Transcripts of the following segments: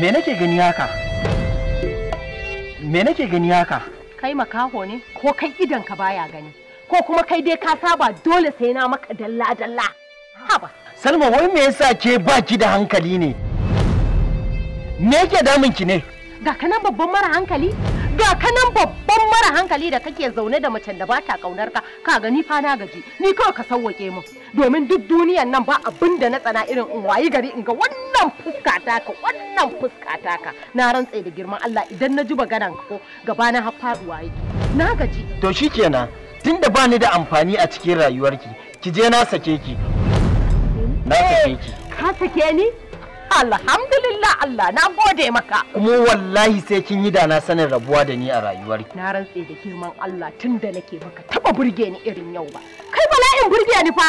me nake gani haka me nake gani haka kai makaho ne ko kai idan ka baya gani ko kuma kai dai ka saba dole sai na maka dalla dalla haba salma wai me yasa ke baki da hankali ne me yake damun ki ne ga kana babban mara hankali ga ka nan babban mara hankali da kake zaune da macen da ba ta kaunar ka ka gani fa na gaji ni kawai ka sauwake min domin duk duniyan nan ba abin da na tsana irin in wayi gari in ga wannan fuska ka wannan fuska taka na rantse da girman Allah idan na ji maganan ko gaba na haffaduwa yake na gaji to shikenan tunda ba ni da amfani a cikin rayuwarki ki je na sake ki na sake ki ka sake ni Alhamdulillah Allah na gode maka. Kuma wallahi sai kin yi da na sanin rabuwa da ni a rayuwar. Na rantse da girman Allah tun da nake baka taba burge ni irin yau ba. Kai bala'in burge ni fa.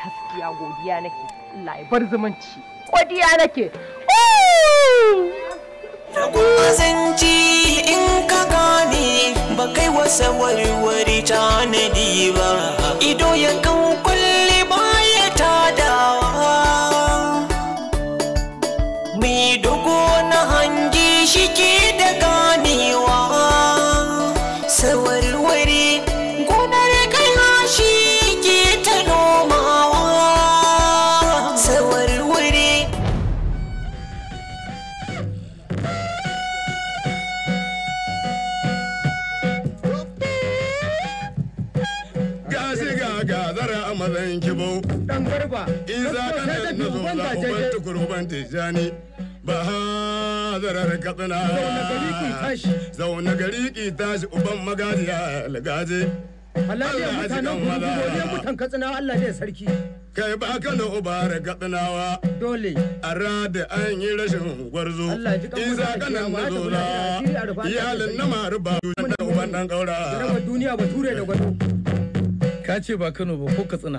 Gaskiya godiya nake. Allah ya bar zumunci. Godiya nake. Zanci in ka gane ba kai wasa warware tanadi ba. Ido ya kanku ba in za ka ne na zo za ku ban tukuru ban tijani ba ha zarar katsina zaune gari ki tashi uban magajiya lagaje Allah ya mutanen gudu gobe mutan katsina Allah ne sarki kai ba ka na ubara katsinawa dole a rada an yi rashin gwarzo in za ka nan na zola iyalin na maru ba da uban dan kaura duniya ba ture da gwarzo ka ce ba kano ba ko katsina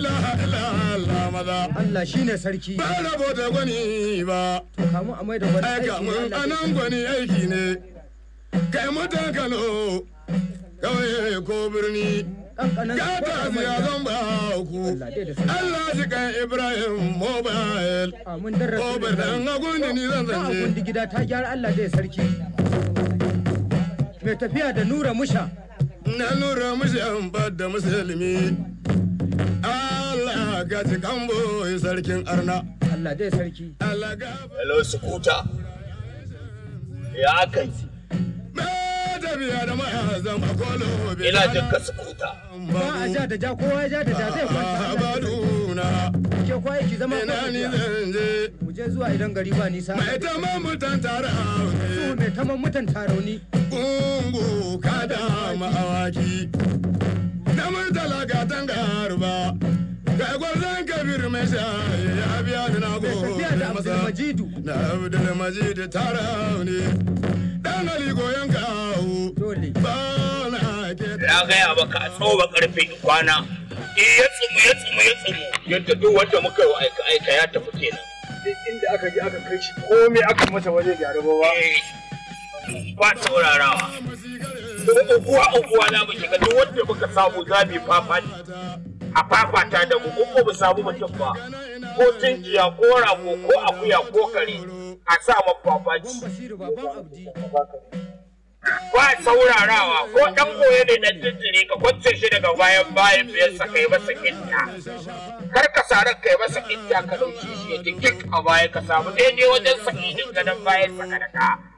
ilaha illallah maza Allah sarki ba rabo da gwani ba to kamu a mai gwani aiki anan gwani aiki ne kai mutan Kano kawai ko birni gata ya zan ba ku Allah shi kan Ibrahim mobile ko birnin agundi ni zan zance agundi gida ta gyara Allah dai sarki mai tafiya da nura musha na nura musha ba da musulmi Allah ka ya sarkin arna. Allah dai sarki. Hello sukuta. Ya kai. Ina jin ka sukuta. Ba a ja da ja kowa ja da ja zai kwanta. Abaduna. Ke zama kwanta. Ina ni zan je. Mu je zuwa idan gari ba nisa. Mai taman mutan tarauni. Su mai taman mutan tarauni. Gungu kada ma'awaki. Na murtala ga tangaruba. gwarzon kabir mai shayi ya biya da na gode masa na abdul majidu tara ne dan ali goyon kawo ba na ke ya gaya maka a tsoba karfe kwana eh, ya tsumu ya tsumu ya tsumu yadda duk wanda muka yi aika aika ya tafi kenan duk inda aka je aka kai shi komai aka masa waje gyaru ba ba saurarawa uguwa uguwa na mu shiga duk wanda muka samu za mu yi ne. a fafata da mu in ba samu mutum ba ko tunkiya ko rago ko akuya ko kare a sa ma fafaci ba saurarawa ko dan boye ne na jinjiri ka kwance shi daga bayan bayan biyar sa kai masa kinta kar ka sarar kai masa kinta ka dauki shi ya kik a baya ka samu daidai wajen sakidin ganin bayan sa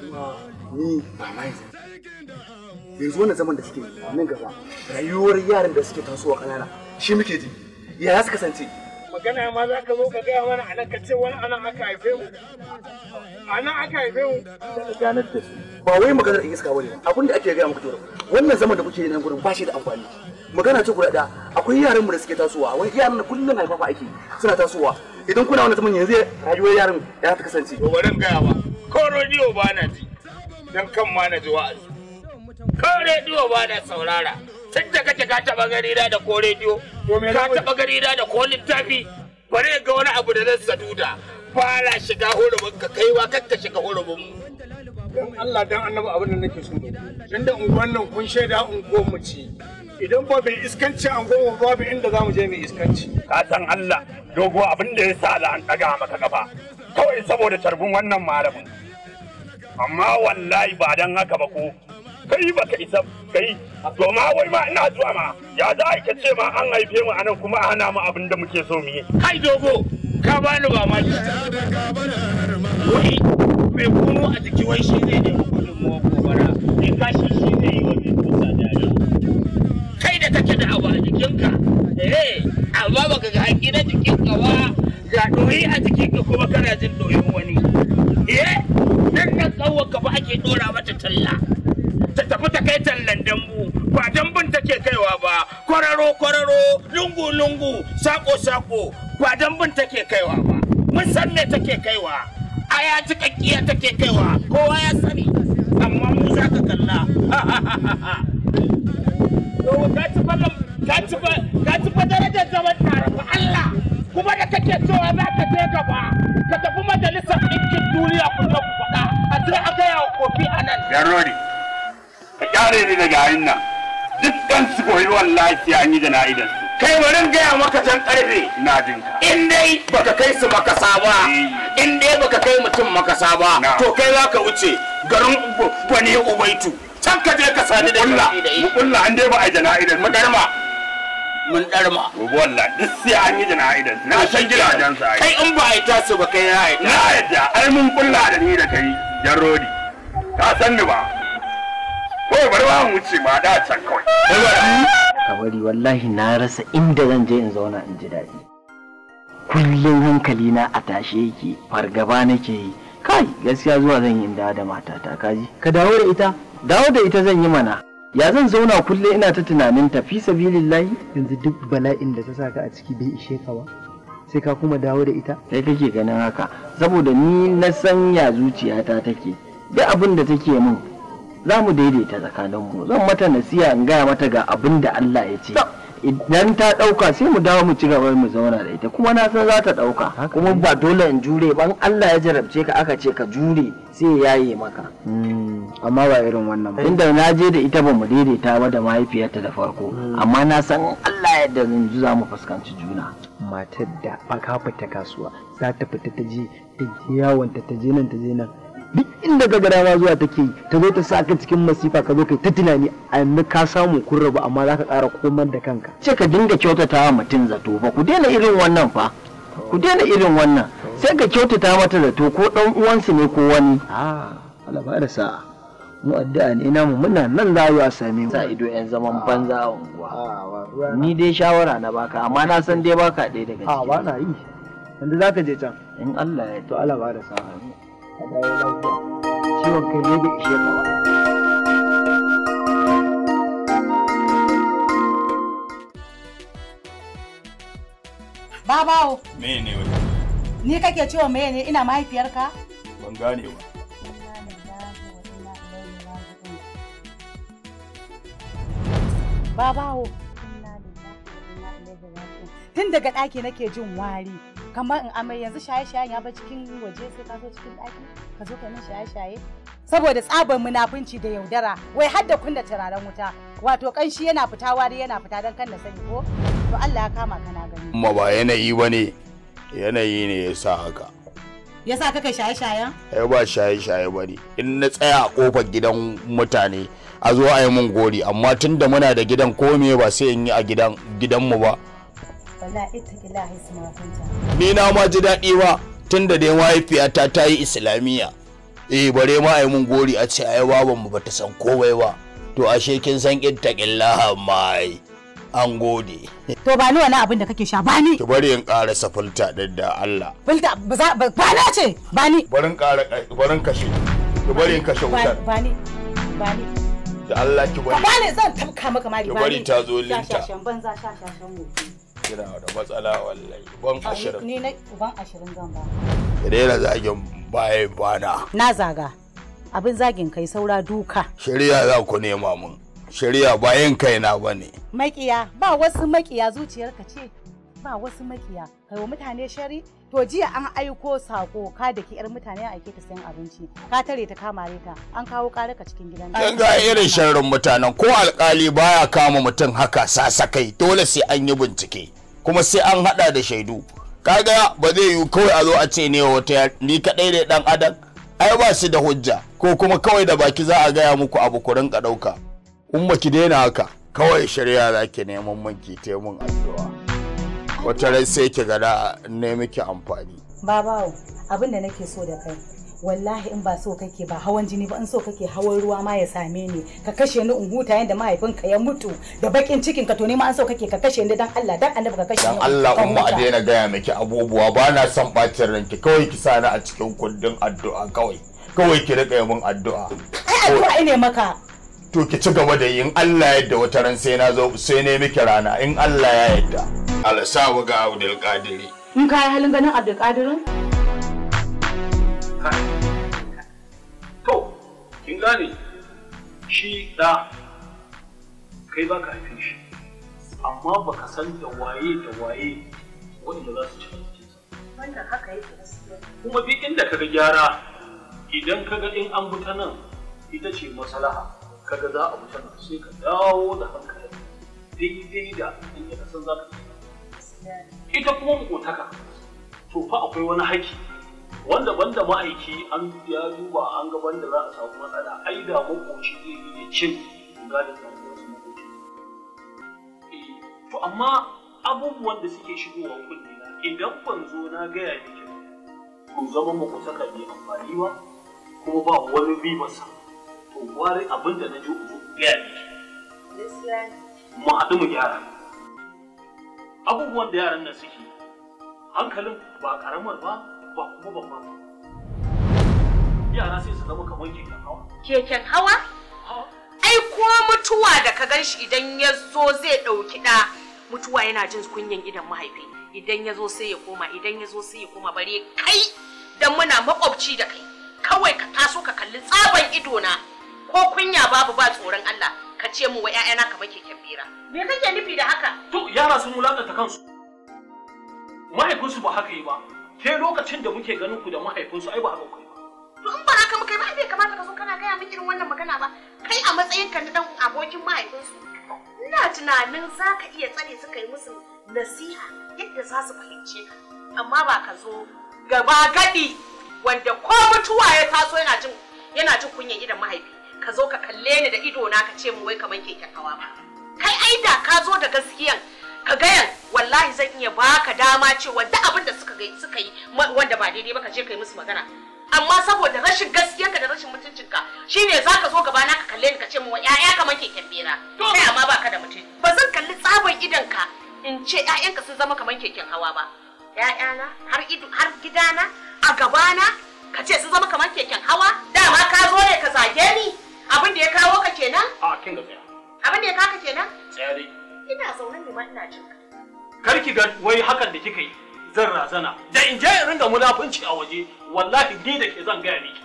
ni ba ma yanzu wannan zaman da suke nan gaba rayuwar yaran da suke tasowa kanana shi muke ji ya su kasance magana ma za ka zo ka gaya mana anan ka ce wani anan aka haife mu anan aka haife mu ganar da su ba wai maganar in iska bane abin da ake gaya muku dole wannan zaman da kuke nan gurin ba shi da amfani magana ce guda akwai yaran mu da suke tasowa wai yaran na kullun haifafa ake suna tasowa idan kuna wannan zaman yanzu rayuwar yaran ya ta kasance to bari in gaya ba ko rediyo ba na ji don kan ma na ji wa'azi ko rediyo ba na saurara tun da kake ka taɓa gari da ko rediyo ka taɓa gari da ko littafi bare ga wani abu da zan saduda ba la shiga hurumin ka kaiwa ka shiga hurumin don Allah dan annabi abin da nake so tunda unguwan nan kun shaida unguwar mu ce idan ba bai iskanci an goma babu inda za mu je mai iskanci ka san Allah dogo abin da ya sa la an daga maka gaba kawai saboda tarbin wannan malamin amma wallahi ba dan haka ba ko kai ba ka isa kai to ma wai ma ina zuwa ma ya za a ka ce ma an haife mu anan kuma a hana mu abin da muke so mu yi kai dogo ka bani ba ma wai mai kuno a jiki wai shi ne hararo lungu-lungu sako-sako ba don bin take kaiwa ba mun san me take kaiwa a ya ji kakkiya take kaiwa kowa ya sani amma mu za ka kalla ka ci fa darajar zaman tare fa Allah kuma da kake cewa za ka je gaba ka tafi majalisar ɗinkin duniya kullum faɗa a je a gaya wa kofi a nan. Yarori, ka kyare ni daga hannun. dan su koyi wallahi sai an yi jana'idan su kai wurin gaya maka can karfe na ka. in dai baka kai su makasa ba eh. in dai baka kai mutum makasa ba to kai za ka wuce garin gwani ubaitu can ka je ka sani da mu mukulla an dai ba a jana'idan mu darma mun darma wallahi duk sai an yi jana'idan na san gidajen sa kai in ba a yi tasu ba kai na yadda na yadda ai mun kulla da ni da kai Jarodi. ka san ni ba kawai bari ka wallahi na rasa inda zan je in zauna in ji daɗi kullum hankali na a tashe yake fargaba nake yi kai gaskiya zuwa zan yi inda da matata kaji ka dawo da ita dawo da ita zan yi mana ya zan zauna kullum ina ta tunanin tafi sabilillahi yanzu duk bala'in da ta saka a ciki bai ishe ka ba sai ka kuma dawo da ita kai kake ganin haka saboda ni na san ya zuciyata take duk abin da take min za mu daidaita tsakaninmu zan mata nasiya in gaya mata ga abin da Allah ya ce idan ta ɗauka sai mu dawo mu ci gaba mu zauna da ita kuma na san za ta ɗauka kuma ba dole in jure ba. in Allah ya jarabce ka aka ce ka jure sai ya yi maka hmm, amma ba irin wannan ba inda na je da ita ba mu daidaita ba da mahaifiyarta da farko hmm. amma na san Allah ya da ji za mu fuskanci juna matar da aka fita kasuwa za ta fita ta je ta yawon ta je nan ta je nan duk inda ka gada ma zuwa take yi ta zo ta sa ka cikin masifa ka zo kai ta tunani a yanzu ka samu kun rabu amma za ka ƙara komar da kanka ce ka dinga kyautata wa mutum zato ba ku daina irin wannan fa ku daina irin wannan sai ka kyautata mata zato ko ɗan uwansu ne ko wani ah, a sa'a mu addu'a ne namu muna nan za a same mu sa ido yan zaman banza a unguwa ah, ni dai shawara na baka amma na san dai baka ɗaya daga ah, ciki a ba na yi yanzu ka je can in Allah ya to ala ba da sa'a ka dawo Babawo. Me ne Ni kake cewa me ne ina mahaifiyarka? Ban gane ba. Babawo. Tun daga ɗaki nake jin wari. kamar in amai yanzu shaye-shayen ya ba cikin waje sai ka zo cikin ɗaki ka zo ka yi shaye-shaye saboda tsabar munafunci da yaudara wai har da turaren wuta wato kanshi yana fita wari yana fita don kan da sani ko to Allah ya kama ka na gani kuma ba yanayi ba ne yanayi ne ya sa haka ya sa kaka shaye-shayen ai ba shaye-shaye ba ne in na tsaya a kofar gidan mutane a zo a yi mun gori amma tun da muna da gidan ko me ba sai in yi a gidan mu ba ni na ma ji daɗi ba tun da dai mahaifiyata ta yi islamiyya eh bare ma yi mun gori a ce ai baban mu bata san komai ba to ashe kin san ittaqillaha mai an gode to ba ni wani abin da kake sha ba ni ki bari in ƙara safulta din da Allah fulta ba za ba na ce ba ni bari in ƙara bari in kashe ki bari in kashe wutar ba ni ba ni da Allah ki bari ba ni zan tabka maka mari ba ni ki bari ta zo linta sha banza sha mu. kira da matsala wallahi ban ashirin ni na ban ashirin zan ba rera zagin baya bana na zaga abin zagin kai saura duka shari'a za ku nema mun shari'a bayan kaina ba ne makiya ba wasu makiya zuciyarka ce ba wasu makiya kai wa mutane shari'a. to jiya an aiko sako ka da ke yar mutane a ke ta sayan abinci ka tare ta kama ta an kawo karaka cikin gidan an ga irin sharrin mutanen ko alkali baya kama mutum haka sasakai dole sai an yi bincike kuma sai an hada da shaidu kaga ba zai yi kawai a zo a ce ne wata ni kadai ne dan adam ai ba shi da hujja ko kuma kawai da baki za a gaya muku abu ku rinka dauka in ki daina haka kawai shari'a zake neman manki taimun addu'a wata rai sai ki gada ne miki amfani babawo abinda nake so da kai wallahi in ba so kake ba hawan jini ba in so kake hawan ruwa ma ya same ni ka kashe ni in huta yanda mahaifinka ya mutu da bakin cikin ka to ma an so kake ka kashe ni dan Allah dan annabi ka kashe ni dan Allah umma a daina gaya miki abubuwa ba na son bacin ranki kawai ki sani a cikin kundin addu'a kawai kawai ki rika mun addu'a ai addu'a ne maka to ki ci gaba da yi in Allah yadda wata ran sai na zo sai ne miki rana in Allah ya yadda alsawa ga Abdul Qadiri in kai halin ganin Abdul Qadirin to kin gane shi da kai ba ka haife shi amma ba ka san da waye da waye wanda za su ci wanda haka yake gaskiya kuma duk inda ka ga gyara idan ka ga in an buta ta nan ita ce maslaha kaga za a wuce nan sai ka dawo da hankali daidai da in ka san za ka ita kuma mutaka to fa akwai wani haki wanda banda ma'aiki an ya duba an ga banda za a samu matsala ai da makoci zai yi ya cin gadin ɗan'uwansa makoci eh, to amma abubuwan da suke shigowa kunne na idan ban zo na gaya miki to zama mu ka bai amfani ba kuma ba wani bi masa to gwari abin da na ji uku gaya mu haɗu mu gyara abubuwan da yaran nan suke hankalin ba karamar ba ba kuma ba ba yara sai su zama kamar keken hawa keken hawa ai ko mutuwa da ka gan shi idan ya zo zai ɗauki ɗa mutuwa yana jin kunyan idan mahaifi idan ya zo sai ya koma idan ya zo sai ya koma bare kai dan muna makwabci da kai kawai ka taso ka kalli tsaban idona ko kunya babu ba tsoron Allah ka ce mu wa 'ya'yana ka keken bera me kake nufi da haka to yara sun ta kansu mahaifinsu ba haka yi ba ke lokacin da muke ganin ku da mahaifinsu ai ba haka kai ba to in ba haka muka yi ba ai bai kamata ka zo kana gaya min irin wannan magana ba kai a matsayin ka na dan abokin mahaifinsu ina tunanin za ka iya tsare su kai musu nasiha yadda za su fahimce ka amma ba ka zo gaba gadi wanda ko mutuwa ya taso yana jin yana jin kunyan idan mahaifi ka zo ka kalle ni da ido na ka ce mu wai kamar keken hawa ba kai ai da ka zo da gaskiyan ka gayan wallahi zan iya baka dama cewa duk abin da suka suka yi wanda ba daidai ba ka je kai musu magana amma saboda rashin gaskiyarka da rashin mutuncinka shine zaka zo gaba na ka kalle ni ka ce mu ya'ya kamar keken bera kai amma baka da mutum ba zan kalli tsaban idanka in ce ƴaƴanka sun zama kamar keken hawa ba ƴaƴana har ido har gidana a gabana ka ce sun zama kamar keken hawa dama ka zo ne ka zage ni Abin da ya kawo ka kenan? A kin ga Abin da ya kawo ka kenan? Tsaya dai. Ina zaune ne ma ina jin ka. Kar ki ga wai hakan da kika yi zan razana. Da in je in ringa munafunci a waje wallahi ni da ke zan gaya miki.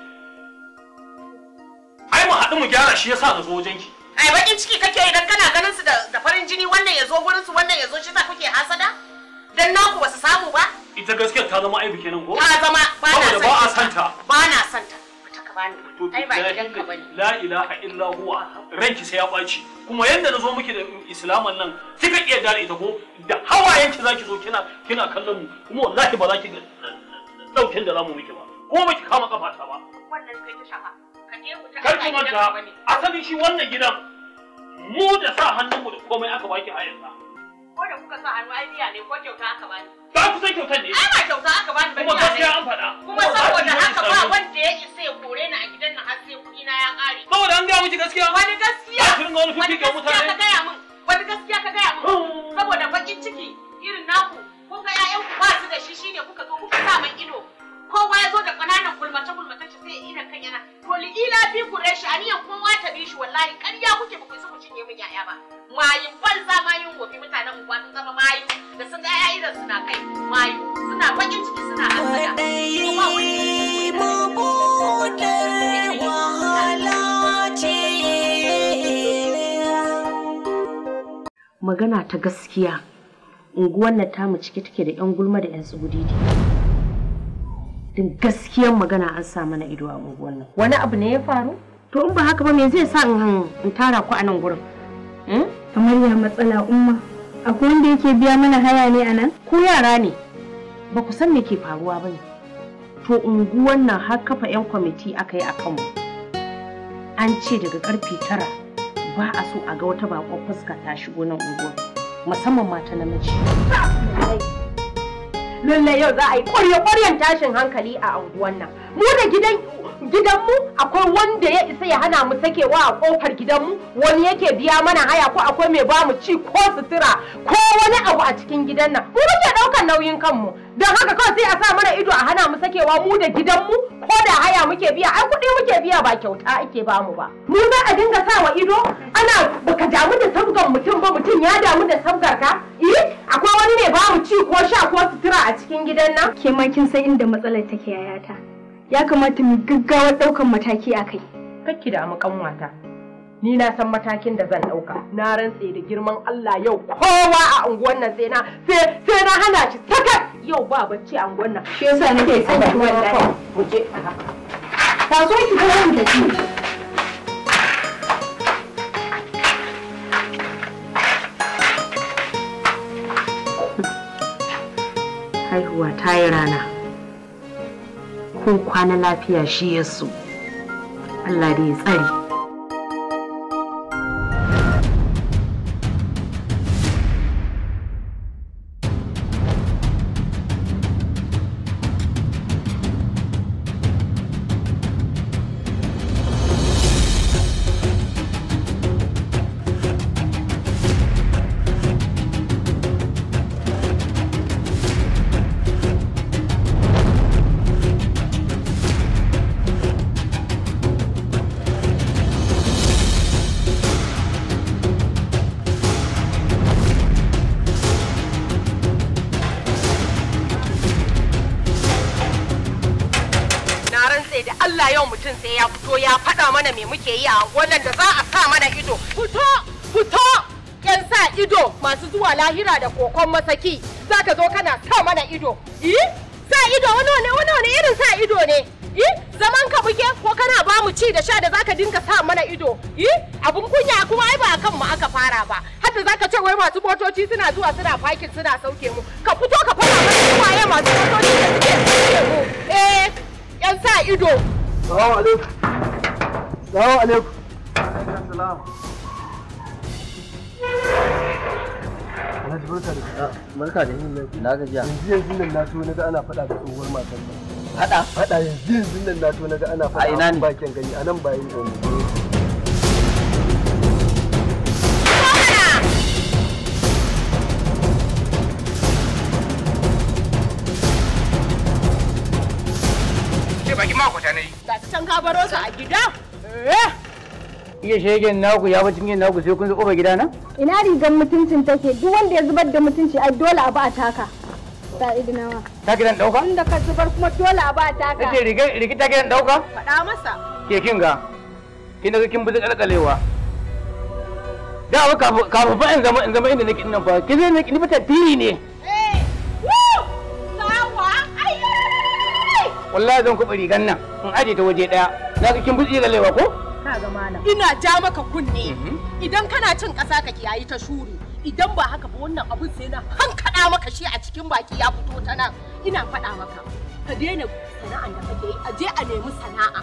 Ai mu haɗu mu gyara shi yasa na zo wajen ki. Ai bakin ciki kake idan kana ganin su da farin jini wannan ya zo gurin su wannan ya zo shi sa kuke hasada? Dan naku ba su samu ba? Ita gaskiyar ta zama aibi kenan ko? Ta zama ba na santa. Ba na santa. bani ai ba bane la ilaha illa huwa ranki sai ya baci kuma yanda nazo muke da islaman nan kika iya dare ita ko da hawayen ki zaki zo kina kina kallon mu kuma wallahi ba zaki daukin da zamu miki ba ko miki kama kafa ta ba wannan kai ta shafa ka kar ki manta asalin shi wannan gidan mu da sa hannun mu da komai aka baki a yanzu Ko da kuka sa hannu ai ne ko kyauta aka bani. Ba ku san kyautar ne. Ai ba kyauta aka bani ba. Kuma gaskiya an faɗa. Kuma saboda haka ba wanda ya isa ya kore ni a gidan nan har sai kuɗi na ya ƙare. Saboda an gaya miki gaskiya. Wani gaskiya. Ba wani fifi ga mutane. Wani gaskiya ka gaya min. Wani gaskiya ka gaya min. Oh. Saboda bakin ciki irin naku kun ga 'ya'yanku ba su da shi shine kuka ga kuka sa man ido. kowa ya zo da ƙananan gulmace-gulmace shi sai ina kan yana to li'ila fi kureshi aniyan kowa ta bi shi wallahi ƙarya kuke ba ku isa ku cinye min yaya ba ma magana ta gaskiya unguwar nan tamu cike take da 'yan gulma da 'yan tsugudidi din gaskiyar magana an sa mana ido a unguwar nan wani abu ne ya faru to in ba haka ba me zai sa in tara ku a nan gurin hmm? kamar ya matsala umma akwai wanda yake biya mana haya ne a nan ko yara ne ba ku san me ke faruwa ba ne to unguwar nan har kafa 'yan kwamiti aka yi a kanmu an ce daga karfe tara ba a so a ga wata bakon fuska ta shigo nan unguwa musamman mata namiji lalle yau za a yi ƙwarya ƙwaryan tashin hankali a unguwan nan mu da gidan gidanmu akwai wanda ya isa ya hana mu sakewa a kofar gidanmu wani yake biya mana haya ko akwai mai bamu ci ko sutura ko wani abu a cikin gidan nan mu muke daukan nauyin kanmu don haka kawai sai a sa mana ido a hana mu sakewa mu da gidanmu ko da haya muke biya ai kuɗi muke biya ba kyauta ake ba ba mu za a dinga sa wa ido ana baka damu da sabgar mutum ba mutum ya damu da sabgar ka eh akwai wani mai bamu ci ko sha ko sutura a cikin gidan nan ke ma kin san inda matsalar take yayata ya kamata mu gaggawa ɗaukan mataki a kai. Kakki da mata, Ni na san matakin da zan ɗauka. Na rantse da girman Allah yau kowa a unguwan nan sai na sai sai na hana shi sakat yau ba bacci a unguwan nan. Shi yasa nake son ki wallahi. Mu je Ta zo ki ga mu tafi. haihuwa ta yi rana. kun kwana lafiya shi yasu Allah da ya tsare yi wannan da za a sa mana ido fito fito yan sa ido masu zuwa lahira da kokon masaki za ka zo kana sa mana ido eh? sa ido wani wani irin sa ido ne yi eh? zaman ka buke ko kana ba mu ci da sha da za ka dinka sa mana ido yi eh? abun kunya kuma ai ba kan mu aka fara ba har da ka ce wai masu motoci suna zuwa suna fakin suna sauke mu ka fito ka fara mana waye masu motoci da suke sauke mu eh yan sa ido salamu alaikum Salamu alaikum. Salam. Alhaji barka da barka Na gajiya. Yanzu yanzu nan na so ga ana faɗa da tsohuwar matan nan. Faɗa? Faɗa yanzu yanzu nan na so naga ana faɗa. A Bakin gani a nan bayan gani. Baki mako ta ne. can ka baro su a gida? iya shegen naku ya bacin yin naku sai kun zo gida nan. ina rigar mutuncin take duk wanda ya zubar da mutunci ai dole abu a taka ta idinawa ta gidan ɗauka? inda ka zubar kuma dole abu a taka ta ce rigi ta gidan ɗauka? faɗa masa ke kin ga kin daga kin buzi ƙalƙalewa da abu kafin fa in zama inda nake nan fa kin zai ni fata tiri ne wallahi zan kuɓa rigan nan in aje ta waje ɗaya na ga kin buɗe galewa ko ga malam ina ja maka kunne mhm. idan kana cin ƙasa ka kiyayi ta shuri idan ba haka ba wannan abun sai na hankaɗa maka shi a cikin baki ya fito ta nan ina faɗa maka ka daina sana'an da kake yi a je a nemi sana'a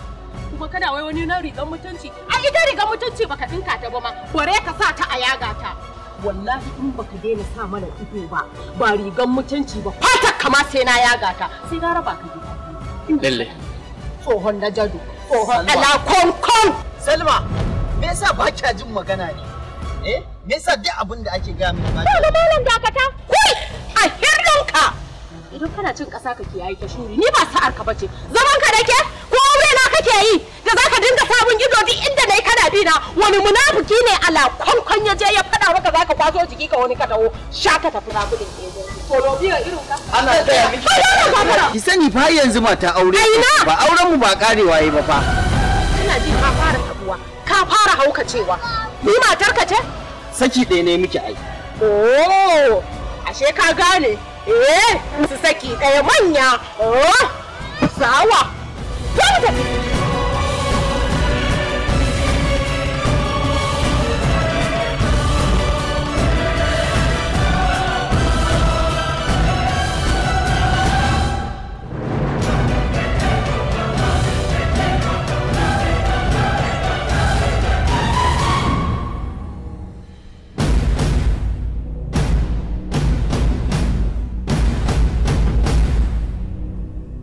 kuma kana wai wani na rigan mutunci a ita rigan mutunci baka dinka ta ba ma bare ka sa ta a yaga ta wallahi in baka daina sa mana ido ba ba rigan mutunci ba fatar kama sai na yaga ta sai gara ba ka gida lalle tsohon jadu salma me yasa ba kya jin magana ne eh me yasa duk abin da ake gaya ba malam malam dakata kai a hirrinka idan kana cin ƙasa kake yayi ta shuri ni ba sa'ar ka bace zaman ka ke ko kake yi da zaka dinga sabon ido duk inda na yi kana bi na wani munafuki ne ala kwankwan ya je ya fada maka zaka kwaso jiki ka wani ka taho sha ka tafi na gudun ana taya miki ki sani fa yanzu mata aure ba auren mu ba karewa yi ba fa ina ji ka fara tabuwa ka fara haukacewa ni matar ka ce saki ɗaya ne miki ai oh ashe ka gane eh su saki ɗaya manya oh sawa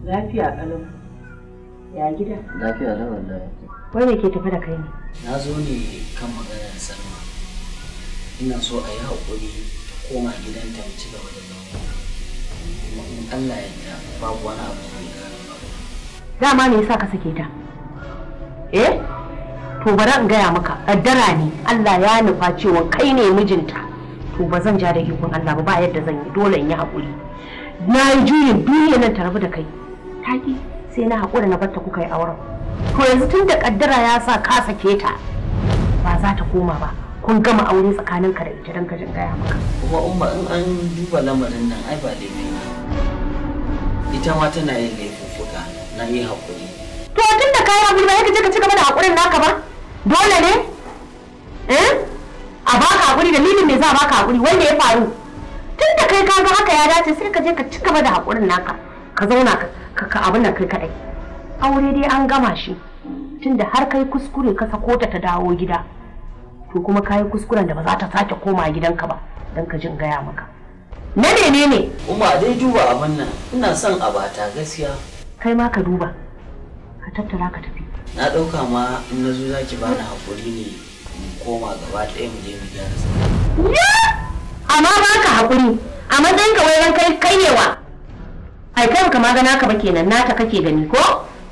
lafiya ƙalau Ya gida? Lafiya da wallahi. Wai me ke tafi da kai ne? Na zo ne kan maganar Salma. Ina so a yi haƙuri ta koma gidanta ta ci gaba da zama. Kuma in Allah ya yarda babu wani abu da zai gano ba. Dama me yasa ka sake ta? Eh? To bari in gaya maka, kaddara ne Allah ya nufa cewa kai ne mijinta. To ba zan ja da ikon Allah ba ba yadda zan yi dole in yi haƙuri. Na yi juyin duniya nan ta rabu da kai. Taki. sai na haƙura na batta kuka yi auren to yanzu tun da kaddara ya sa ka sake ta ba za ta koma ba kun gama aure tsakanin ka da ita don jin gaya maka kuma umma in an duba lamarin nan ai ba daidai ita ma tana yin laifuka na yi haƙuri to tun da kayan haƙuri ba ya kaje ka ci gaba da haƙurin naka ba dole ne eh? a baka haƙuri dalilin ne za a baka haƙuri wanda ya faru tun da kai ka ga haka ya dace sai ka je ka ci gaba da haƙurin naka ka zauna ka Kaka abin nan kai kadai aure dai an gama shi tunda har kai kuskure ka sako ta ta dawo gida to kuma kai kuskuren da ba za ta sake koma gidanka ba dan ka jin gaya maka na ne ne umma dai duba abin nan ina son abata gaskiya kai ma ka duba ka tattara ka tafi na dauka ma in na zo zaki bani hakuri ne mu koma gaba ɗaya mu je mu gyara sa amma ba ka hakuri baka ma gana ka ba kenan nata kake gani ko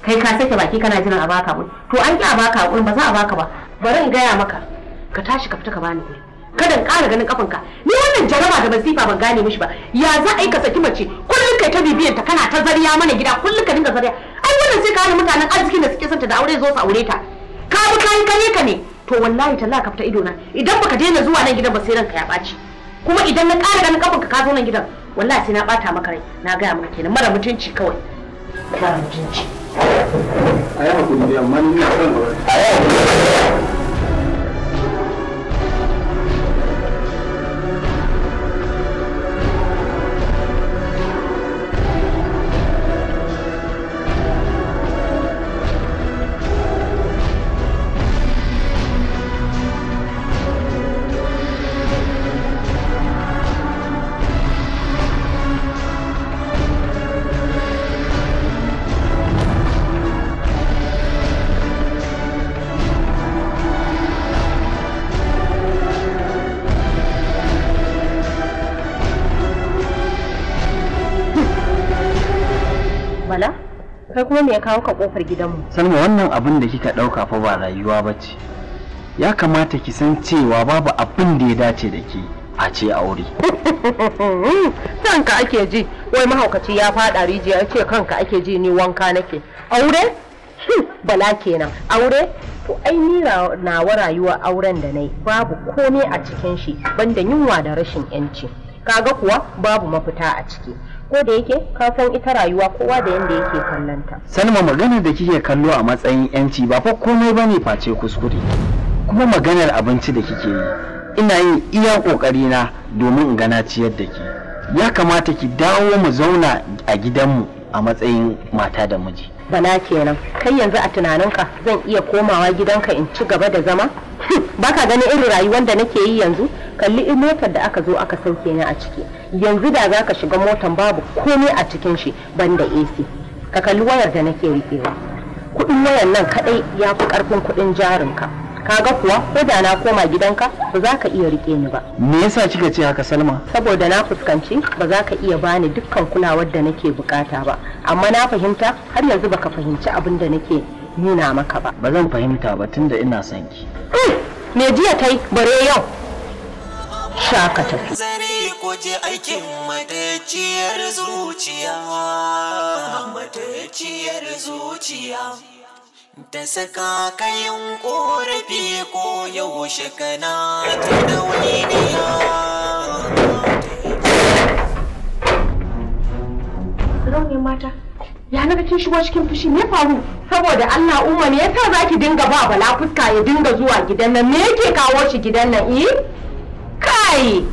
kai ka sake baki kana jiran a baka hakuri to an ki a baka hakuri ba za a baka ba bari in gaya maka ka tashi ka fita ka bani kuɗi kada in ƙara ganin kafanka ni wannan jaraba da masifa ban gane mishi ba ya za a yi ka saki mace kullum kai ta bibiyan ta kana ta zariya mana gida kullum ka dinga zariya ai wannan sai ka hana mutanen arzikin da suke son ta da aure zo su aure ta ka bi kayan kare ka ne to wallahi talla ka fita ido na idan baka daina zuwa nan gidan ba sai ranka ya ɓaci kuma idan na ƙara ganin kafin ka zo nan gidan wallahi sai na bata maka rai na gaya maka kenan mara mutunci kawai mara mutunci a yi hakuri amma ni na son a yi kai kuma me ya kawo ka kofar gidanmu salma wannan abin da kika dauka fa ba rayuwa bace ya kamata ki san cewa babu abin da ya dace da ke a ce aure kanka ake ji wai mahaukaci ya fada rijiya ce kanka ake ji ni wanka nake aure hm, bala kenan aure to ai ni nawa rayuwa auren da nai babu komai a cikin shi banda yunwa da rashin yanci kaga kuwa babu mafita a ciki ko da yake ka san ita rayuwa kowa da yanda yake kallonta sanma maganar da kike kallo a matsayin yanci ba fa komai bane face kuskure kuma maganar abinci da kike yi ina yin iya kokari na domin in gana ciyar da ke ya kamata ki dawo mu zauna a gidanmu a matsayin mata da miji bana kenan kai yanzu a tunaninka zan iya komawa gidanka in ci gaba da zama baka gani irin rayuwar da nake yi yanzu kalli in motar da aka zo aka sauke ni a ciki yanzu da za ka shiga motan babu komai a cikin shi banda AC ka kalli wayar da nake rikewa kudin wayar nan kadai ya fi kudin kuɗin jarinka kaga kuwa ko da na koma gidanka ba za ka iya rike ni ba me yasa kika ce haka salma saboda na fuskanci ba za ka iya bani dukkan kulawar da nake bukata ba amma na fahimta har yanzu baka fahimci abin da nake nuna maka ba ba zan fahimta ba tunda ina son ki hmm, me jiya tai bare yau shaka tafi aikin madaciyar zuciya madaciyar zuciya da saka kayan korafi ko yaushe kana ta dauniya Rauni mata, ya naga kin shigo cikin fushi ne faru? Saboda Allah umma ne yasa zaki dinga ba bala fuska ya dinga zuwa gidan nan me yake kawo shi gidan nan eh? Kai!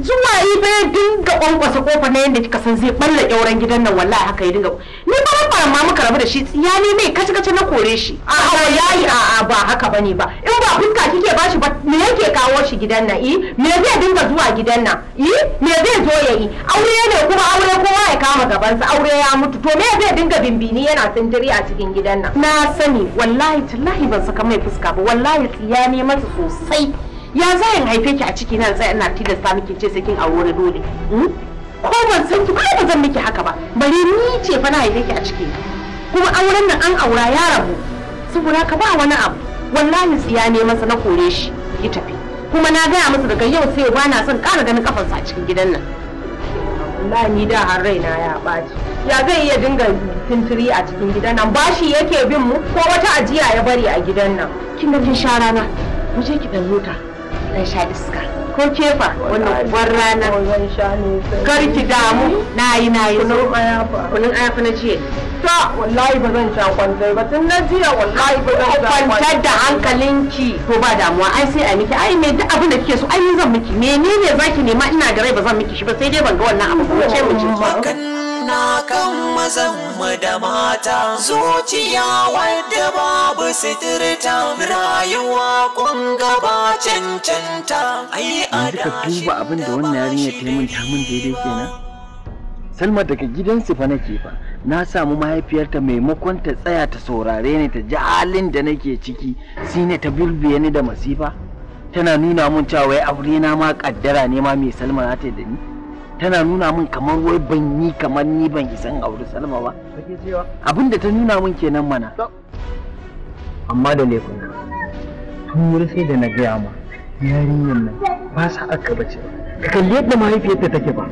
zuwa yi bai dinga kwankwasa kofa na yadda kika san zai balla kyauran gidan nan wallahi haka ya dinga ni ba fara ma muka rabu da shi tsiya ne mai kace kace na kore shi a hawa yayi a a ba haka bane ba in ba fuska kike bashi ba me yake kawo shi gidan nan eh me zai dinga zuwa gidan nan eh me zai zo ya yi aure ne kuma aure kowa ya kama gabansa aure ya mutu to me zai dinga bimbini yana tsindiri a cikin gidan nan na sani wallahi tallahi ban saka mai fuska ba wallahi tsiya ne masa sosai ya za in haife ki a ciki nan sai ina tilasta miki ce sai kin aure dole hmm? ko ban san ki ko ba zan miki haka ba bari ni ce fa na haife ki a ciki kuma auren nan an aura ya rabu saboda ka ba wani abu wallahi tsiya ne masa na kore shi ki tafi kuma na gaya masa daga yau sai ba na son kara ganin kafansa a cikin gidan nan wallahi ni da har raina ya ɓaci ya zai iya dinga tintiri a cikin gidan nan bashi yake bin mu ko wata ajiya ya bari a gidan nan kin ga kin sha rana mu je ki dan lota zan sha iska ko kefa wannan uban rana ki damu na yi na yi kunun ayafa na jiya ta wallahi ba zan sha kwantar ba tun na jiya wallahi ba zan sha kwantar da hankalinki ko ba damuwa ai sai a miki ai me duk abin da kike so ai zan miki menene zaki nema ina da rai ba zan miki shi ba sai dai ban ga wannan abu ko ce mu ce na kan mazanmu da mata zuciya wadda babu sitirta rayuwa kun gaba cancanta ai a da duba abin da wannan yarinya ta yi min ta daidai kenan salma daga gidansu fa nake fa na samu mahaifiyarta maimakon ta tsaya ta saurare ni ta ji halin da nake ciki sine ta bilbiye ni da masifa tana nuna mun cewa wai aure na ma kaddara ne ma mai salma za ta yi da ni tana nuna min kamar wai ban yi kamar ni ban isan aure salma ba abin da ta nuna min kenan mana amma da laifin tun wuri sai da na gaya ma yarinyar nan ba sa aka bace ka kalli yadda mahaifiyarta take ba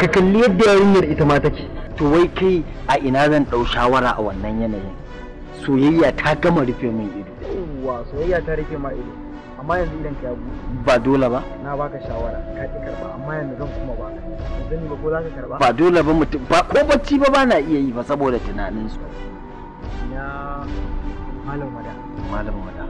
ka kalli yadda yarinyar ita ma take to wai kai a ina zan ɗau shawara a wannan yanayin soyayya ta gama rufe min ido soyayya ta rufe ma ido amma yanzu idan ka yabu ba dole ba na baka shawara ka ki karba amma yanzu zan kuma baka yanzu ni ba ko zaka karba ba dole ba mutum ba ko bacci ba bana iya yi ba saboda tunanin su ya malam wada malam wada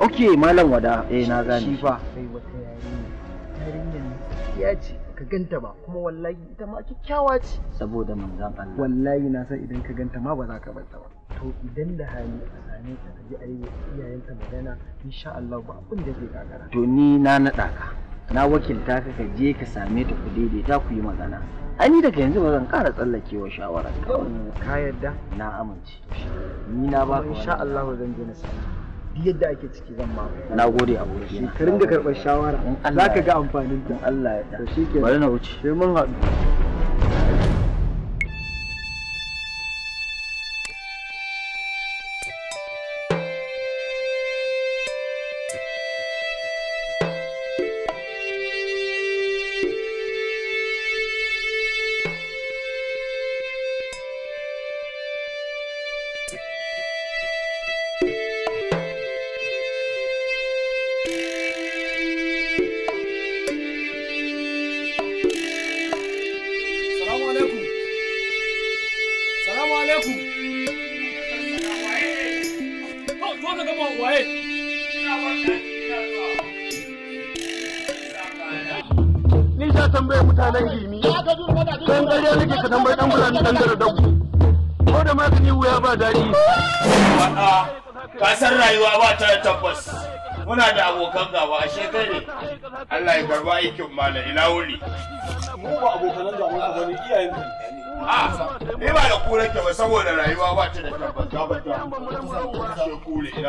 okay malam wada eh na gane shi fa sai wata yarinya yarinya ya ce Ka ganta ba kuma wallahi ita ma kyakkyawa ce saboda manzan Allah wallahi na san idan ka ganta ma ba za ka banta ba to idan da hali a same ka ji a yi iyayenta magana insha Allah ba abin da zai gagara to ni na nada ka na wakilta ka ka je ka same ta ku daidaita ku yi magana ni daga yanzu ba zan ƙara tsallakewa shawarar ka ka yarda na amince ni na ba ka insha Allah zan je na sani yadda ake ciki zan ma na gode a wuri shi ka ringa karɓar shawara za ka ga amfanin ta Allah ya ta shi ke bari na wuce sai mun haɗu kwana wuri. Mu ba abokanan bane iyayen ka. Ah, da kura ke saboda rayuwa ba ta da tabbata ba ta. kure wuri.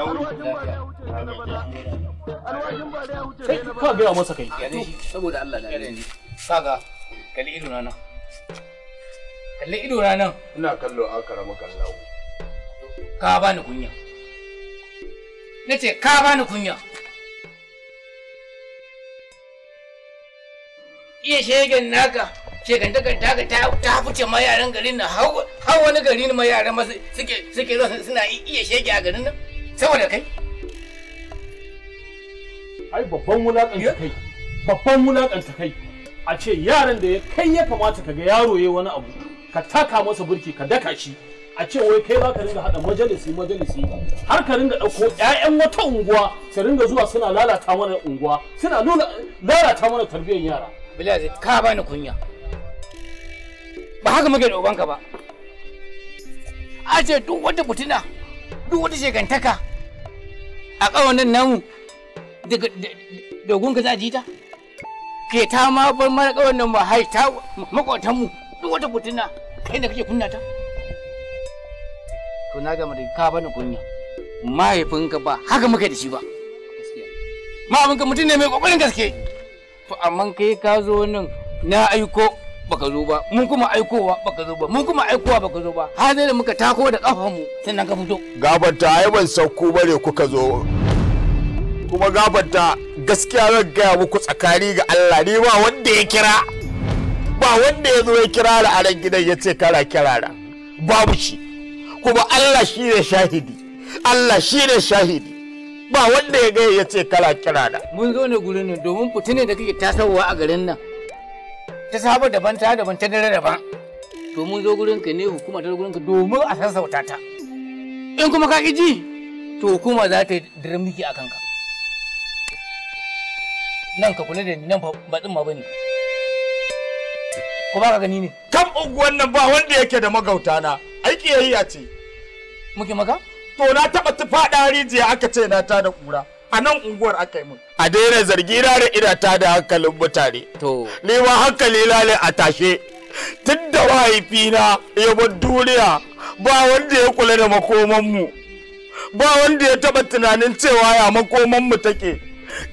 ka ga masa kai. Saboda Allah da ni. kalli ido na nan. Kalli ido na nan. Ina kallo akara maka Allah. Ka bani kunya. Nace ka bani kunya. iya shegen naka shegen daga daga ta ta fice ma yaran garin nan har wani garin ma yaran masu suke suke zo suna iya shege a garin nan saboda kai ai babban wulakanta kai babban wulaƙanta kai a ce yaran da kai ya kamata ka ga yaro yayi wani abu ka taka masa burki ka daka shi a ce wai kai ba ka ringa hada majalisi majalisi har ka ringa dauko ƴaƴan wata unguwa su ringa zuwa suna lalata mana unguwa suna lalata mana tarbiyyar yara Bilazi ka bani kunya. Ba haka muke da ubanka ba. A ce duk wata butuna duk wata shekantaka a ƙawanin namu daga dogon ka za a ji ta? Ke ta ma bar mara ƙawan nan ba hai ta makwatanmu duk wata butuna kai da kake kunna ta. To na gama da ka bani kunya. Mahaifinka ba haka muke da shi ba. Ma abinka mutum ne mai ƙoƙarin gaske. to amma kai ka zo nan na aiko baka zo ba mun kuma aikowa baka zo ba mun kuma aikowa baka zo ba har da muka tako da kafanmu sannan ka fito gabata ai ban sauko bare kuka zo kuma gabata gaskiya zan gaya muku tsakani ga Allah ne ba wanda ya kira ba wanda ya zo ya kira da aran gidan ya ce kara kirara babu shi kuma Allah shi ne shahidi Allah shi ne shahidi ba wanda ya gaya ya ce kala kira da mun zo ne gurin nan domin fitine da kake tasowa a garin nan ta saba daban ta daban ta dare daban to mun zo gurin ka ne hukuma ta gurin ka domin a san sauta ta in kuma ka ji to hukuma za ta dare miki akan ka nan ka kula da ni nan ba tsumma bane ko ba ka gani ne kam unguwan nan ba wanda yake da magautana aiki yayi a ce muke maka ko na taɓa tufa ɗari jiya aka ce na ta da ƙura. a nan unguwar aka yi mun. A daina zargi na da ina ta da hankalin mutane. To. Ni ma hankali lalin a tashe. Tun da mahaifina ya bar duniya ba wanda ya kula da makomanmu. Ba wanda ya taɓa tunanin cewa ya makoman mu take.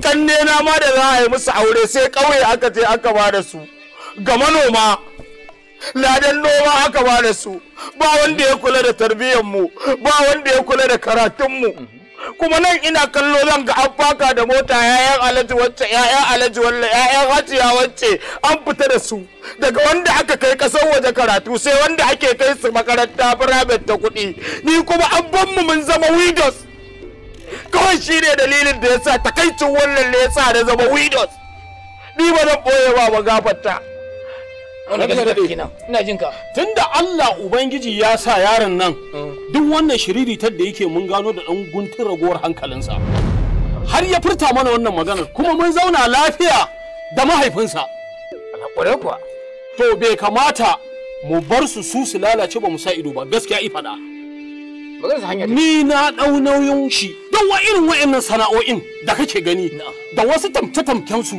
Kanne na ma da za a yi musu aure sai ƙauye aka je aka ba da su. Ga manoma ladan noma haka ba da su ba wanda ya kula da tarbiyyar mu ba wanda ya kula da karatun mu kuma nan ina kallo zan ga an faka da mota yayan alaji wacce yayan alaji walla yayan hajiya wacce an fita da su daga wanda aka kai kasar waje karatu sai wanda ake kai su makaranta private ta kuɗi ni kuma an ban mu mun zama widows kawai shi ne dalilin da yasa takaicin wannan ne yasa da zama widows ni ba zan ɓoye ba ba gafarta ina jinka. tunda Allah ubangiji ya sa yaron nan mm. duk wannan shiriritar da yake mun gano da ɗan guntun ragowar hankalinsa har ya furta mana wannan maganar kuma mun zauna lafiya da mahaifinsa alhaƙure kuwa to bai kamata mu bar su su su lalace ba mu sa ido ba gaskiya i faɗa ni na ɗau nauyin shi don wa irin wa'annan sana'o'in da kake gani da wasu tamke su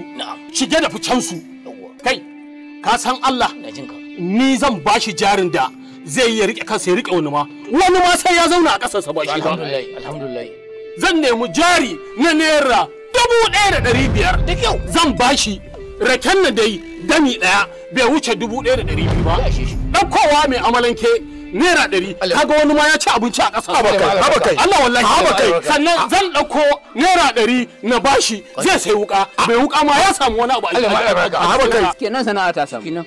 shige da ficen su kai ka san Allah ni zan ba shi jarin da zai iya rike kansa ya rike wani ma wani ma sai ya zauna a ƙasarsa ba shi zan nemi jari na naira dubu ɗaya da ɗari biyar zan shi raken na dai dami ɗaya bai wuce dubu ɗaya da ɗari biyu ba ɗaukowa mai amalanke naira ɗari kaga wani ma ya ci abinci a ƙasa habakai Allah wallahi habakai sannan zan ɗauko naira ɗari na bashi zai sai wuka ah. mai wuka ma ya samu wani abu a habakai kenan sana'a ta samu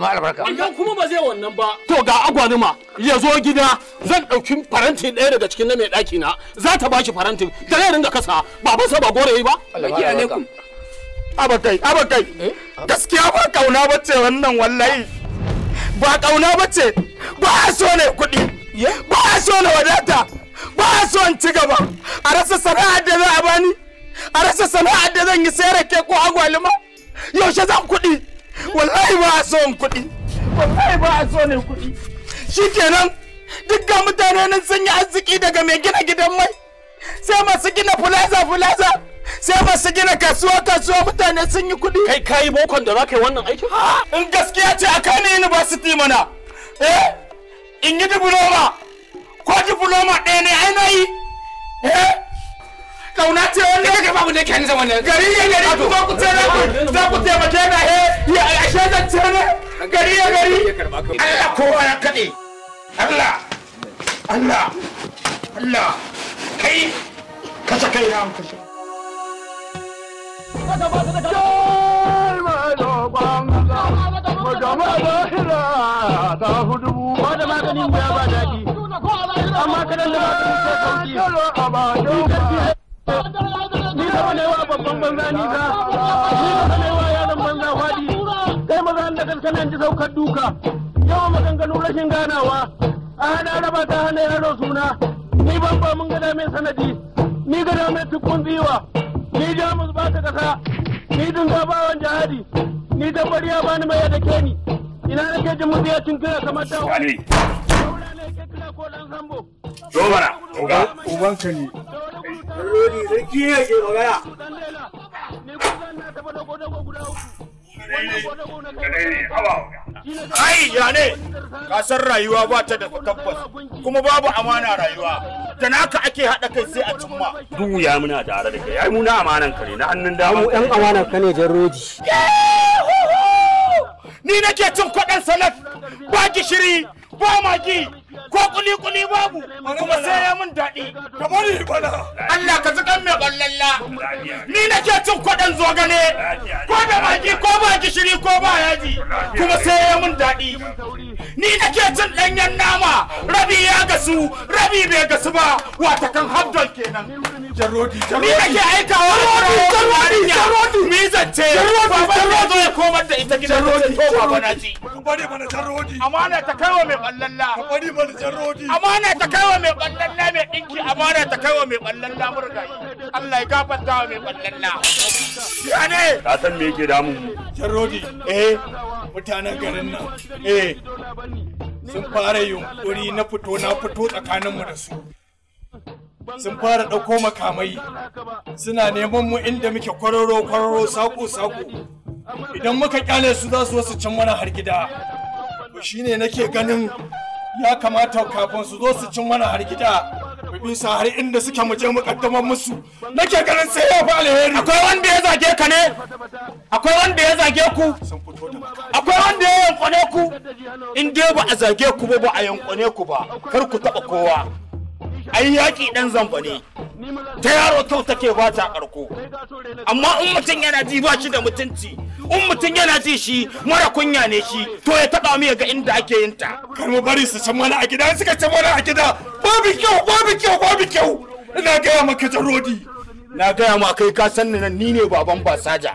ma albarka idan kuma ba zai wannan ba to ga agwaluma ya zo gida zan ɗauki faranti ɗaya daga cikin na mai ɗaki na za ta bashi faranti da zai ringa kasa babansa ba gore yi ba alaikum abakai abakai eh? gaskiya ba kauna ce wannan wallahi ba ƙauna ba ce ba so ne kuɗi ba so ne wadata ba so in ci gaba a rasa sana'a da za a bani a rasa sana'ar da zan yi sayar ke ko agwaluma yaushe zan kuɗi wallahi ba so in kuɗi wallahi ba so ne kuɗi shikenan dukkan mutane nan sun yi arziki daga mai gina gidan mai sai masu gina fulaza fulaza sai ba su gina kasuwa kasuwa mutane sun yi kuɗi kai kayi bokon da za ka yi wannan aikin in gaskiya ce a kani university mana eh in yi diploma ko diploma ɗaya ne ai na yi eh kauna ce wannan kake babu da kyan zaman nan gari ya gari ku ku na ku za ku taimake na eh ya ashe zan ne. gari ya gari Allah kowa ya kaɗe Allah Allah Allah kai kashe kai na an amma kadan da maganin ni wa babban banza ni wa banza kai maza da kankanan ji saukar duka yawa maganganu rashin ganawa a hana raba ta hana yaro suna ni ban ba mun gada mai sanadi ni gada mai tukun tsiwa ni jamus ba ta kasa ni tun bawan jihadi ni ta bariya ba ni mai da ke ni ina na ke jimu ya cin kira kamar ta wani Dobara, oga, ka ne. Lodi, zai kiyaye ke magana. Ni kusan na taɓa da godago guda uku. Ai, ya ne, kasar rayuwa ba ta da tabbas, kuma babu amana rayuwa. da naka ake haɗa kai sai a cimma duhu ya muna tare da kai ai muna amanan kare na hannun dama mu ɗan amanan ka ne jarroji ni nake cin kwaɗan salad ba gishiri ba magi ko kuli kuli babu kuma sai ya mun daɗi ka bari bala Allah ka ji kan mai ballalla ni nake cin kwaɗan zogale ko da magi ko ba gishiri ko ba yaji kuma sai ya mun daɗi ni nake jin danyen nama rabi ya gasu rabi bai gasu ba wata kan habdol kenan jarodi jarodi ni nake wa jarodi jarodi mi zance jarodi jarodi ya komar da ita gidan jarodi to baba na ji bari mana jarodi amana ta kai wa mai ballalla bari mana jarodi amana ta kai wa mai ballalla mai dinki amana ta kai wa mai ballalla murgayi Allah ya gafarta wa mai ballan na. Ya ne? Ka san me yake damun mu? Jarrodi. Eh. Mutanen garin nan. Eh. Sun fara yunƙuri na fito na fito tsakaninmu da su. sun fara ɗauko makamai suna neman mu inda muke kwararo kwararo sako sako idan muka kyale su za su wasu cin mana har gida shine nake ganin ya kamata kafin su zo su cin mana har gida sa har inda suke mu je mu kaddamar musu nake ganin sai ya fi alheri akwai wanda ya zage ka ne akwai wanda ya zage ku akwai wanda ya yankone ku in dai ba a zage ku ba ba a yankone ku ba kar ku taba kowa ai yaƙi ɗan zamba ne ta yaro kyau take ba ta ƙarko amma in mutum yana ji ba shi da mutunci in mutum yana ji shi mara kunya ne shi to ya taɓa mu ga inda ake yin ta kar mu bari su can mana a gida suka can mana a gida babu kyau babu kyau babu kyau ina gaya maka jarodi na gaya ma kai ka san nan ni ne baban basaja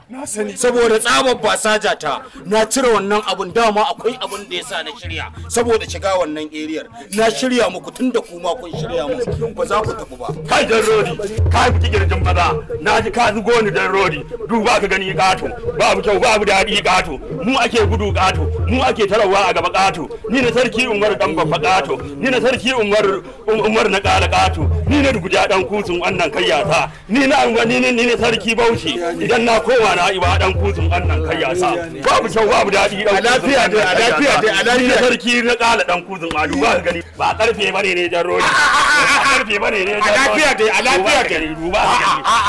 saboda tsabar basaja ta na cire wannan abun dama akwai abun da yasa na shirya saboda shiga wannan eriyar na shirya muku tun da kuma kun shirya muku ba za ku tafi ba kai dan rodi ka fi girjin maza na ji ka zugo ni dan rodi duba ka gani gato babu kyau babu daɗi gato mu ake gudu gato mu ake tarawa a gaba gato ni na sarki umar dan babba gato ni na sarki umar umar na kala gato ni na duguja dan kusun wannan kayyata ni na gani ni ne sarki bauchi idan na kowa na iba dan kutun annan kai ya sa babu kyau babu dadi a lafiya dai a lafiya dai a lafiya sarki na kala dan kutun alu ba gani ba karfe bane ne jan roji ba karfe bane ne jan a lafiya dai a lafiya dai duba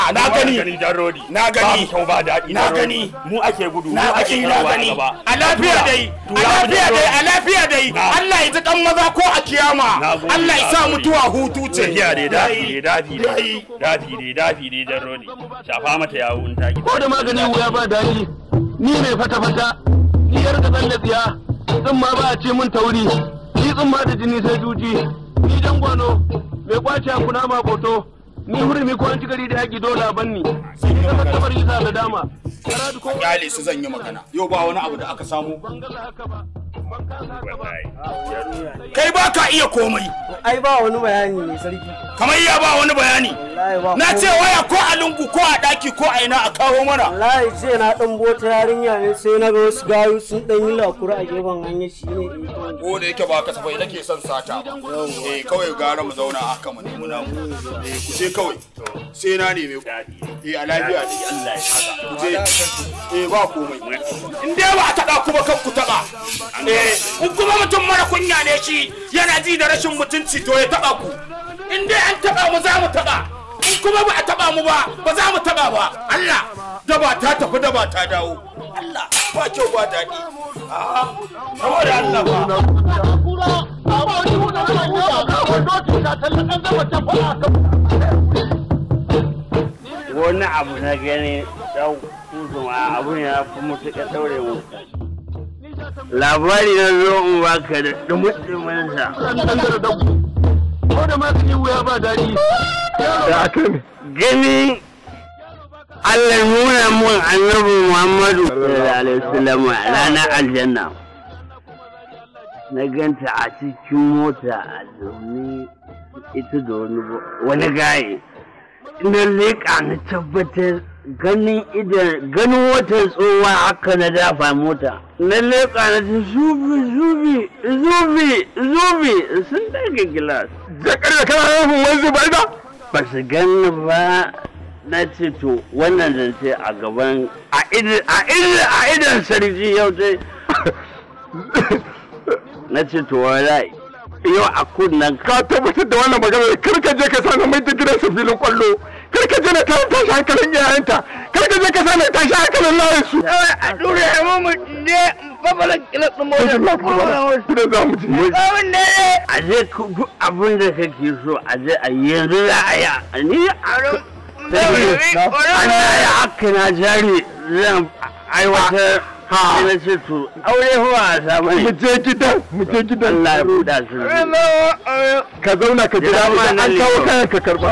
a na gani jan roji na gani kyau ba dadi na gani mu ake gudu mu ake na gani a lafiya dai a lafiya dai a lafiya dai Allah ya ji dan maza ko a kiyama Allah ya sa mutuwa hutu ce dafi dai dafi gidi rodi shafa mata yawo in taki. ko da magani wuya ba dani ni mai fata fata ni yar da da tsiya ma ba a ce mun tauri ni ma da jini sai juji ni dan gwano mai kwace kuna ma koto ni hurumi ko an gari da yaki dole a banni sai ka mata bari da dama kyale su zan yi magana yau ba wani abu da aka samu kai ba ka iya komai ai ba wani bayani ne sarki kamar iya ba wani bayani na ce waya ko a lungu ko a daki ko a ina a kawo mana wallahi ce na dan bota yarinya ne sai na ga wasu gayu sun dan yi lakura a gefen hanya shi ne ko da yake ba kasafai nake son sata eh kawai gara mu zauna a kan mu nemi namu eh, ku je kawai sai na me ku eh a lafiya ne Allah ya saka ku je eh ba komai in dai ba a da kuma kan ku taba eh kuma mutum mara kunya ne shi yana ji da rashin mutunci to ya taba ku in dai an taba mu za mu taba in kuma ba a taba mu ba ba za mu taba ba Allah daba ta tafi daba ta dawo Allah ba kyau ba daɗi saboda ah, Allah ba wani abu na gani ɗau kuzuma abun ya fi mutuƙa ɗaure mu labari na zo in ka da dumudumin sa gani Allah nuna mun annabi Muhammadu sallallahu alaihi aljanna na ganta a cikin mota a zaune ita da wani gaye na leƙa na tabbatar ganin idan ganin watan tsowa haka na dafa mota na leƙa na ta zubi zubi zubi zubi sun daga gilas da ƙarfe kana nufin wani zuba ba ba su gani ba na ce to wannan zance a gaban a idan sarji yau ce na ce to wallahi yau a kunnan ka tabbatar da wannan magana kar ka je ka mai ta gidansa filin kwallo kar ka je na ta tashi hankalin iyayenta kar je ka sa na tashi hankalin layin su a dure mu mu je babala kila tsumo da kuma za mu je abin ne a je abin da kake so a je a yanzu za a yi ni a ran ana ya haka na jari zan aiwatar Ha. Ina ce to aure fa a samu ne. Mu je gidan, mu je gidan. Allah ya buɗa su. Ka zauna ka jira an kawo kayan ka karba.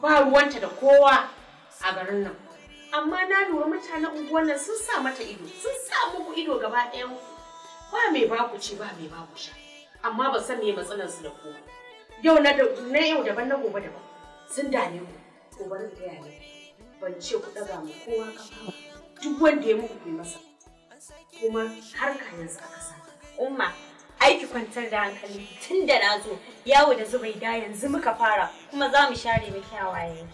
ba ruwanta da kowa a garin nan amma na lura mutanen unguwar nan sun sa mata ido sun sa muku ido gaba ɗayan ba mai baku ci ba mai baku sha amma ba san me matsalar su da ku yau na na yau daban na gobe daban sun dame ku gobe da taya ne ban ce ku daga mu kowa kafa duk wanda ya muku bai masa kuma ka yanzu aka sa umma aiki kwantar da hankali tun da na zo yawo da zubai da yanzu muka fara kuma za mu share miki hawaye.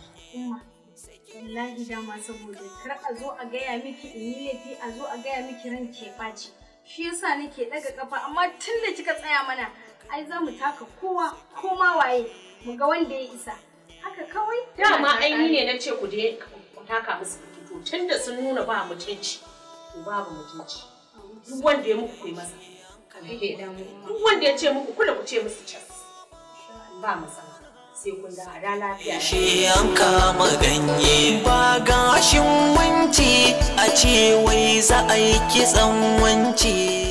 Wallahi dama saboda kar a zo a gaya miki in yi laifi a zo a gaya miki ran ke ɓaci. Shi yasa nake ɗaga kafa amma tun da kika tsaya mana ai za mu taka kowa ko ma waye mu ga wanda ya isa. Haka kawai. Dama aini ne na ce ku je ku taka musu tun da sun nuna ba mutunci. Babu mutunci. Duk wanda ya muku kai masa. duk wanda ya ce muku kula ku ce musu cas ba matsala sai kun da hada lafiya shi yanka maganye ba gashin wanci a ce wai za a yi kitsan wanci